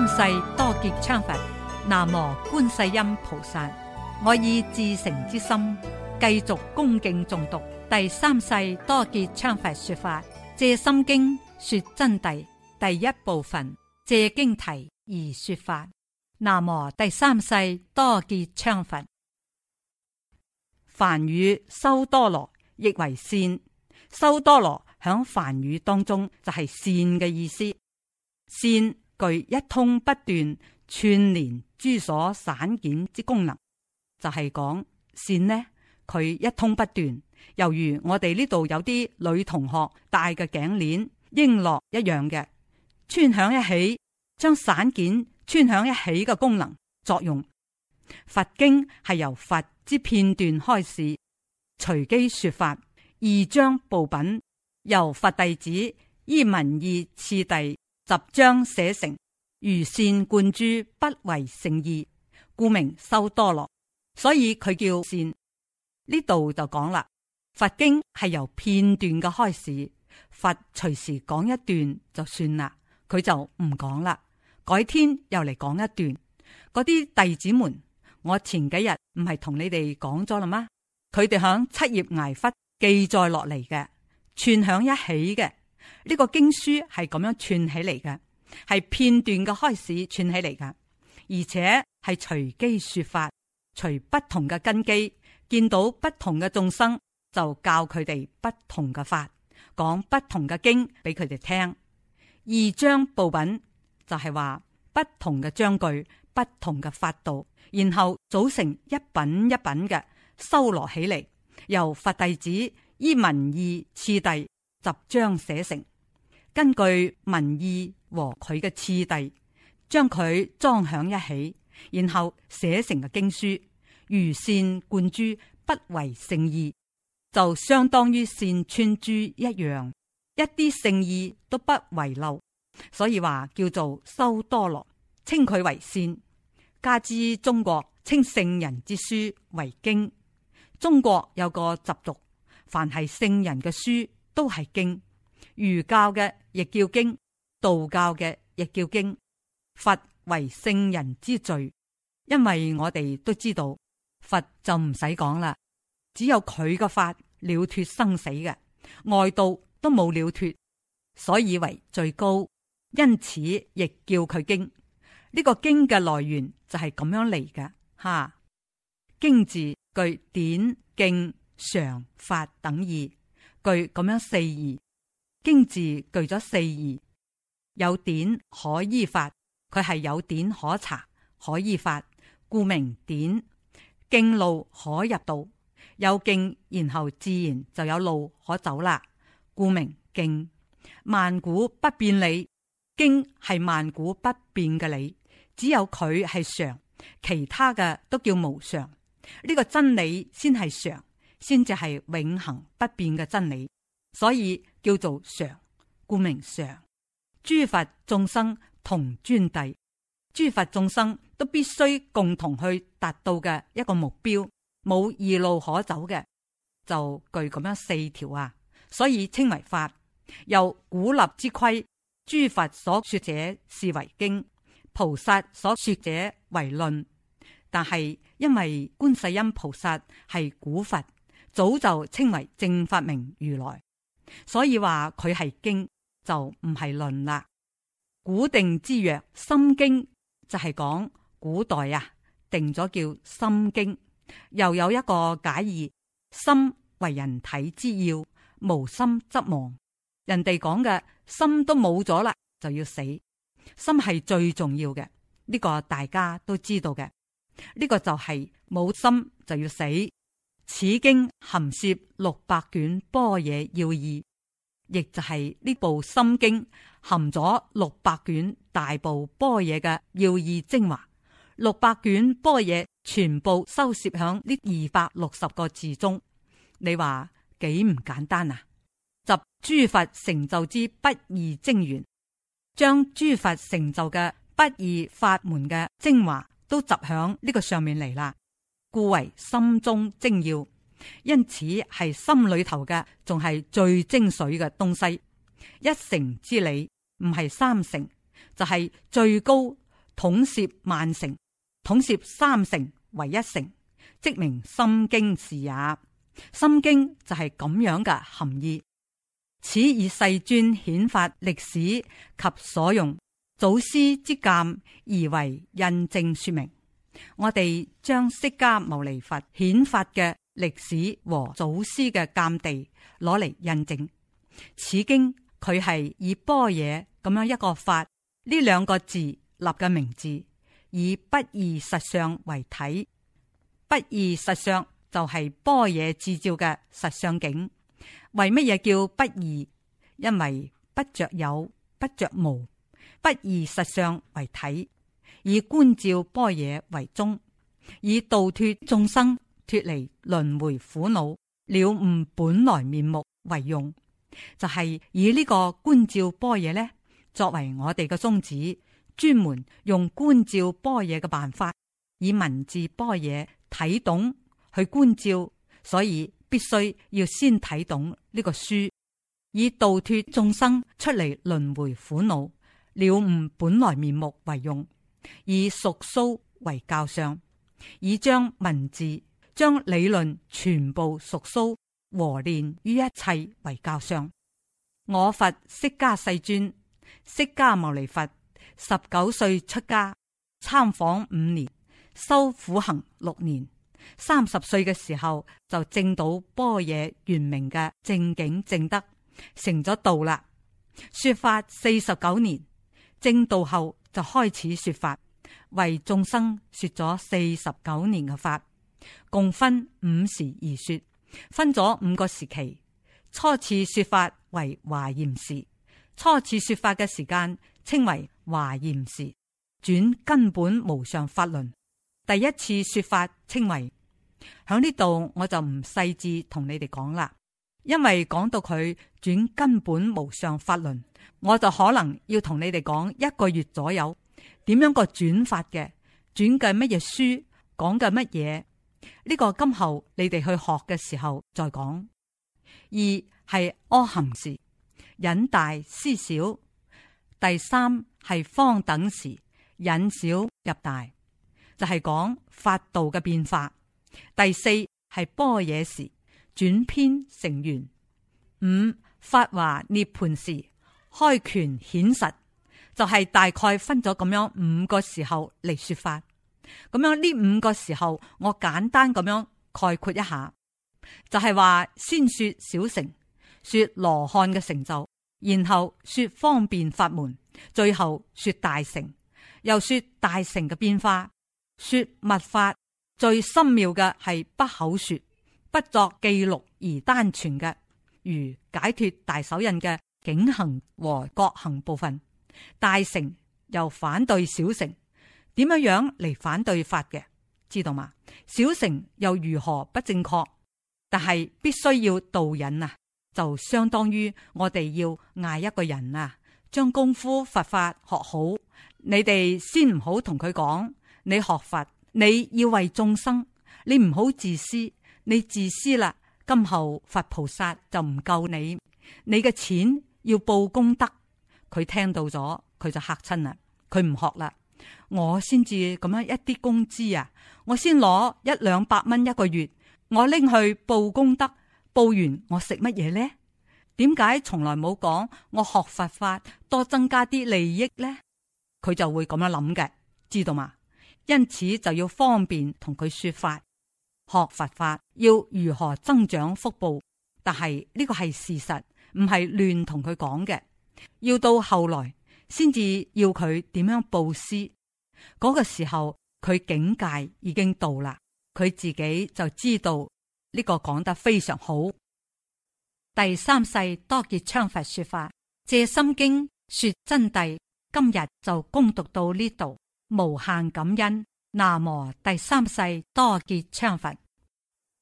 三世多杰羌佛，南無觀世音菩薩。我以至誠之心，繼續恭敬重讀第三世多杰羌佛說法《借心經》說真諦第一部分《借經題》而說法。南無第三世多杰羌佛。梵語修多羅亦為善，修多羅響梵語當中就係善嘅意思，善。具一通不斷串連諸所散件之功能，就係講線呢，佢一通不斷，猶如我哋呢度有啲女同學戴嘅頸鏈、瓔珞一樣嘅穿響一起，將散件穿響一起嘅功能作用。佛經係由佛之片段開始，隨機說法二章布品，由佛弟子依文義次第。十章寫成如線貫珠不為成意故名修多羅，所以佢叫線」。呢度就講啦，佛經係由片段嘅開始，佛隨時講一段就算啦，佢就唔講啦，改天又嚟講一段。嗰啲弟子們，我前幾日唔係同你哋講咗啦嗎？佢哋響七葉崖窟記載落嚟嘅串響一起嘅。呢個經書係咁樣串起嚟嘅，係片段嘅開始串起嚟嘅，而且係隨機說法，隨不同嘅根基見到不同嘅眾生，就教佢哋不同嘅法，講不同嘅經俾佢哋聽，二章部品就係、是、話不同嘅章句，不同嘅法道，然後組成一品一品嘅收羅起嚟，由佛弟子依文義次第。集將寫成，根據民意和佢嘅次第，將佢裝響一起，然後寫成嘅經書，如線貫珠，不為聖意，就相當於線穿珠一樣，一啲聖意都不遺漏，所以話叫做修多羅，稱佢為線。加之中國稱聖人之書為經，中國有個習俗，凡係聖人嘅書。都係經，儒教嘅亦叫經，道教嘅亦叫經。佛為聖人之最，因為我哋都知道佛就唔使講啦，只有佢個法了脫生死嘅外道都冇了脫，所以為最高，因此亦叫佢經。呢個經嘅來源就係咁樣嚟嘅。吓經字據典、經常、法等意。具咁樣四義，經字具咗四義，有典可依法，佢係有典可查可依法，故名典；徑路可入道，有徑然後自然就有路可走啦，故名徑。萬古不變理，經係萬古不變嘅理，只有佢係常，其他嘅都叫無常，呢個真理先係常。先至係永恆不變嘅真理，所以叫做常，故名常。諸佛眾生同尊弟，諸佛眾生都必須共同去達到嘅一個目標，冇二路可走嘅，就據咁樣四條啊，所以稱為法。由古立之規，諸佛所說者是為經，菩薩所說者為論。但係因為觀世音菩薩係古佛。早就稱為正法明如來，所以話佢係經就唔係論啦。古定之曰：心經就係、是、講古代啊，定咗叫心經。又有一個解義：心為人體之要，無心則亡。人哋講嘅心都冇咗啦，就要死。心係最重要嘅，呢、這個大家都知道嘅。呢、這個就係、是、冇心就要死。此經含攝六百卷般若要義，亦就係呢部心經含咗六百卷大部般若嘅要義精華。六百卷般若全部收攝響呢二百六十個字中，你話幾唔簡單啊？集諸佛成就之不二精元，將諸佛成就嘅不二法門嘅精華都集響呢個上面嚟啦。故為心中精要，因此係心裏頭嘅，仲係最精髓嘅東西。一乘之理唔係三乘，就係、是、最高統攝萬乘。統攝三乘為一乘，即名心經是也。心經就係咁樣嘅含義。此以世尊顯發歷史及所用祖師之鑒，而為印證說明。我哋將釋迦牟尼佛顯法嘅歷史和祖師嘅見地攞嚟印證，此經佢係以般若咁樣一個法呢兩個字立嘅名字，以不二實相為體，不二實相就係般若自照嘅實相境。為乜嘢叫不二？因為不着有，不着無，不二實相為體。以觀照般若為宗，以度脫眾生、脫離輪迴苦惱、了悟本來面目為用，就係、是、以呢個觀照般若呢作為我哋嘅宗旨，專門用觀照般若嘅辦法，以文字般若睇懂去觀照，所以必須要先睇懂呢個書，以度脫眾生出嚟輪迴苦惱、了悟本來面目為用。以熟酥為教相，以將文字、將理論全部熟酥和練於一切為教相。我佛釋迦世尊，釋迦牟尼佛，十九歲出家，參訪五年，修苦行六年，三十歲嘅時候就證到般若圓明嘅正境正德，成咗道啦。說法四十九年，證道後。就開始說法，為眾生說咗四十九年嘅法，共分五時而說，分咗五個時期。初次說法為華嚴時，初次說法嘅時間稱為華嚴時。轉根本無上法輪，第一次說法稱為，響呢度我就唔細緻同你哋講啦。因為講到佢轉根本無上法輪，我就可能要同你哋講一個月左右，點樣個轉法嘅，轉嘅乜嘢書，講嘅乜嘢？呢、這個今後你哋去學嘅時候再講。二係阿含時，引大思小；第三係方等時，引小入大，就係、是、講法度嘅變化。第四係般若時。轉偏成圓。五、法華涅盤時開權顯實，就係大概分咗咁樣五個時候嚟說法。咁樣呢五個時候，我簡單咁樣概括一下，就係話先說小乘，說羅漢嘅成就，然後說方便法門，最後說大乘；又說大乘嘅變化，說密法最深妙嘅係不口說不作記錄而單傳嘅，如解脫大手印嘅境行和果行部分，大乘又反對小乘，點樣樣嚟反對法嘅？知道嘛？小乘又如何不正確？但係必須要導引啊，就相當於我哋要嗌一個人啊，將功夫佛法學好，你哋先唔好同佢講，你學佛你要為眾生，你唔好自私。你自私啦，今後佛菩薩就唔夠你。你嘅錢要報功德，佢聽到咗，佢就嚇親啦，佢唔學啦。我先至咁樣一啲工資啊，我先攞一兩百蚊一個月，我拎去報功德，報完我食乜嘢呢？點解從來冇講我學佛法多增加啲利益呢？佢就會咁樣諗嘅，知道嘛？因此就要方便同佢說法。學佛法要如何增長福報？但係呢個係事實，唔係亂同佢講嘅。要到後來先至要佢點樣布施，嗰個時候佢境界已經到啦，佢自己就知道呢個講得非常好。第三世多杰羌佛說法，借心經說真諦。今日就恭讀到呢度，無限感恩。南無第三世多杰羌佛。